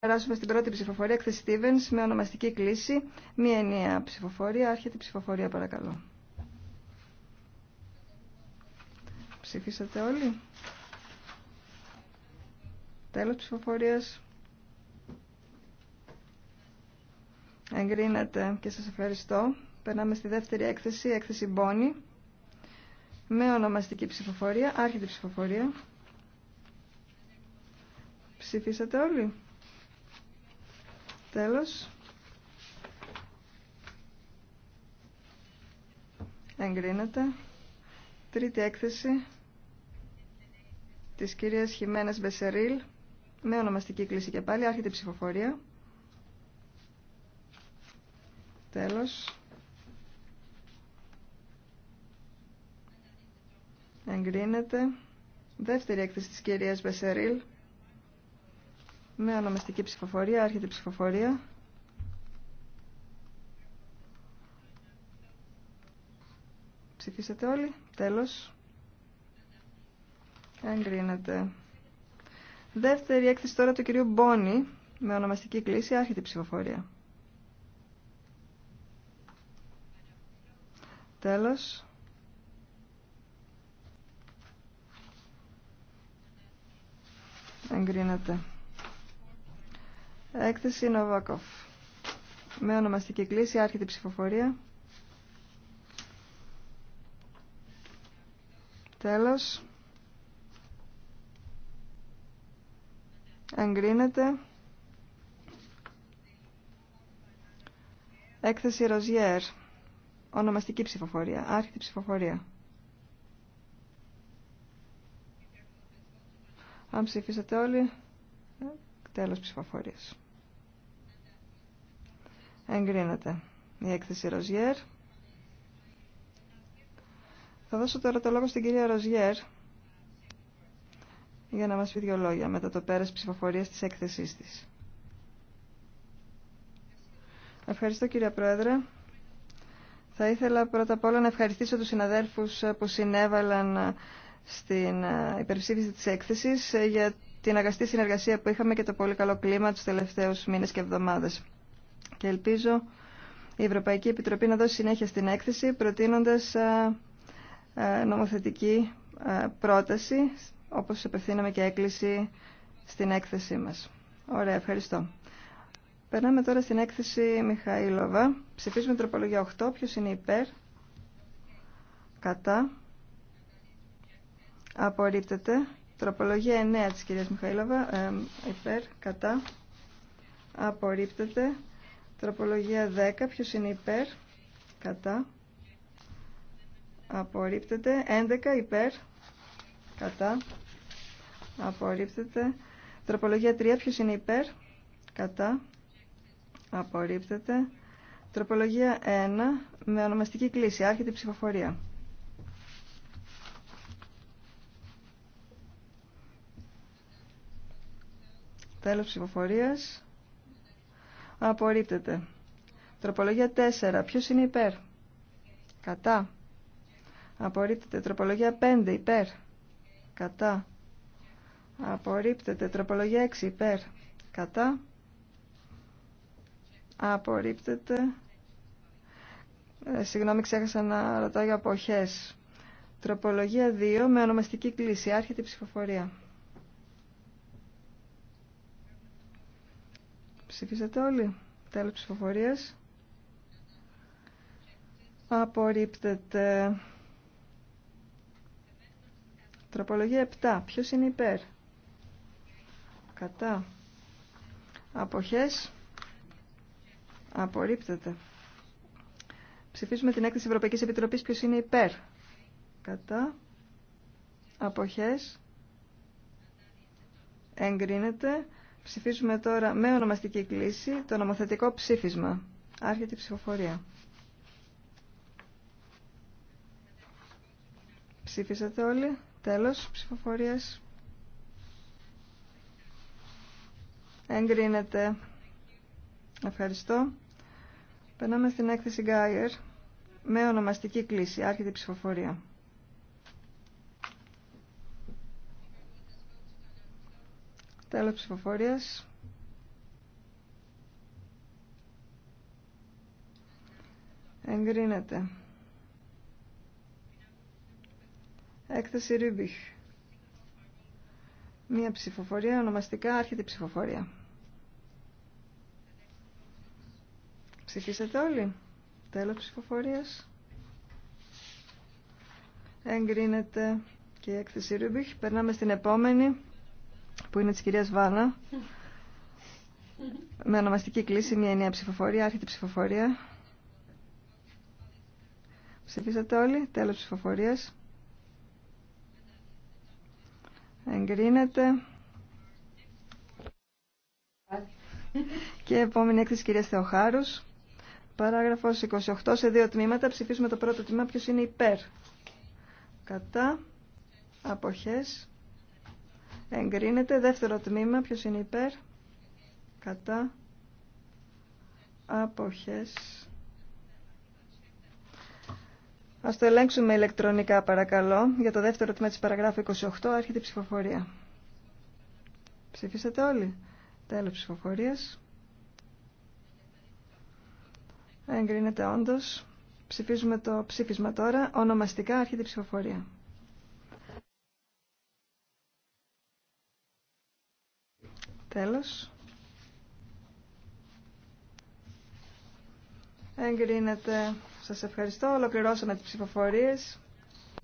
Περάσουμε στην πρώτη ψηφοφορία, έκθεση Stevens, με ονομαστική κλίση. Μία ενιαία ψηφοφορία. Άρχεται η ψηφοφορία, παρακαλώ. Ψηφίσατε όλοι. Τέλος ψηφοφορίας. Εγκρίνατε και σας ευχαριστώ. Περνάμε στη δεύτερη έκθεση, έκθεση Μπόνι. Με ονομαστική ψηφοφορία, άρχεται η ψηφοφορία. Ψηφίσατε όλοι. Τέλος. Εγκρίνεται. Τρίτη έκθεση της κυρίας Χιμένας Μπεσερίλ με ονομαστική κλίση και πάλι. Άρχεται η ψηφοφορία. Τέλος. Εγκρίνεται. Δεύτερη έκθεση της κυρίας Μπεσερίλ με ονομαστική ψηφοφορία, έρχεται η ψηφοφορία. Ψηφίσατε όλοι, τέλος. Εγκρίνεται. Δεύτερη έκθεση τώρα του κυρίου Μπόνι, με ονομαστική κλίση, άρχεται η ψηφοφορία. Τέλος. Εγκρίνεται. Έκθεση Νοβάκοφ. Με ονομαστική κλίση άρχεται ψηφοφορία. Τέλος. Εγκρίνεται. Έκθεση Ροζιέρ. Ονομαστική ψηφοφορία. Άρχιτη ψηφοφορία. Αν ψηφίσατε όλοι, ε, Τέλος ψηφοφορίας. Εγκρίνεται η έκθεση Ροζιέρ. Θα δώσω τώρα το λόγο στην κυρία Ροζιέρ για να μας πει δύο λόγια μετά το πέρας ψηφοφορίας της έκθεσής της. Ευχαριστώ κύριε Πρόεδρε. Θα ήθελα πρώτα απ' όλα να ευχαριστήσω τους συναδέλφους που συνέβαλαν στην υπερψήφιση της έκθεσης ε, για την αγαστή συνεργασία που είχαμε και το πολύ καλό κλίμα τους τελευταίους μήνες και εβδομάδες. Και ελπίζω η Ευρωπαϊκή Επιτροπή να δώσει συνέχεια στην έκθεση προτείνοντας νομοθετική πρόταση όπως απευθύναμε και έκκληση στην έκθεσή μας. Ωραία, ευχαριστώ. Περνάμε τώρα στην έκθεση Μιχαήλωβα. Ψηφίζουμε τροπολογία 8. Ποιος είναι υπέρ. Κατά. Απορρίπτεται. Τροπολογία 9 της κυρίας Μιχαήλοβα, ε, υπέρ, κατά, απορρίπτεται. Τροπολογία 10, ποιος είναι υπέρ, κατά, απορρίπτεται. 11 υπέρ, κατά, απορρίπτεται. Τροπολογία 3, ποιος είναι υπέρ, κατά, απορρίπτεται. Τροπολογία 1, με ονομαστική κλίση, άρχεται η ψηφοφορία. Τέλος ψηφοφορία. Απορρίπτεται. Τροπολογία 4. Ποιος είναι υπέρ. Κατά. Απορρίπτεται. Τροπολογία 5. Υπέρ. Κατά. Απορρίπτεται. Τροπολογία 6. Υπέρ. Κατά. Απορρίπτεται. Ε, συγγνώμη, ξέχασα να ρωτάω για αποχές. Τροπολογία 2 με ονομαστική κλίση. Άρχεται η ψηφοφορία. Ψηφίσατε όλοι. Τέλος ψηφοφορίας. Απορρίπτεται. Τροπολογία 7. Ποιος είναι υπέρ. Κατά. Αποχές. Απορρίπτεται. Ψηφίζουμε την έκθεση Ευρωπαϊκής Επιτροπής. Ποιος είναι υπέρ. Κατά. Αποχές. Εγκρίνεται. Ψηφίζουμε τώρα με ονομαστική κλίση το νομοθετικό ψήφισμα. Άρχεται η ψηφοφορία. Ψήφισατε όλοι. Τέλος ψηφοφορίας. Εγκρίνεται. Ευχαριστώ. Περνάμε στην έκθεση Γκάιερ με ονομαστική κλίση. Άρχεται η ψηφοφορία. Τέλος ψηφοφορίας. Εγκρίνεται. Έκθεση Ρούμπιχ. Μία ψηφοφορία, ονομαστικά άρχεται ψηφοφορία. Ψηφίσατε όλοι. Τέλος ψηφοφορίας. Εγκρίνεται και η έκθεση Ρούμπιχ. Περνάμε στην επόμενη που είναι τη κυρία Βάνα. Με ονομαστική κλίση μια ενιαία ψηφοφορία, άρχιτη ψηφοφορία. Ψηφίσατε όλοι, τέλος ψηφοφορίας. Εγκρίνεται. Και επόμενη έκθεση κυρία Θεοχάρους. Παράγραφος 28 σε δύο τμήματα. Ψηφίσουμε το πρώτο τμήμα. Ποιος είναι υπέρ. Κατά. Αποχές εγκρίνεται. Δεύτερο τμήμα, ποιος είναι υπέρ, κατά, αποχές. Ας το ελέγξουμε ηλεκτρονικά παρακαλώ. Για το δεύτερο τμήμα της παραγράφου 28 άρχεται η ψηφοφορία. Ψηφίσατε όλοι. Τέλος ψηφοφορίας. Εγκρίνεται όντως. Ψηφίζουμε το ψήφισμα τώρα. Ονομαστικά έρχεται η ψηφοφορία. Τέλος. Εγκρίνεται. Σας ευχαριστώ. Ολοκληρώσαμε τις ψηφοφορίες.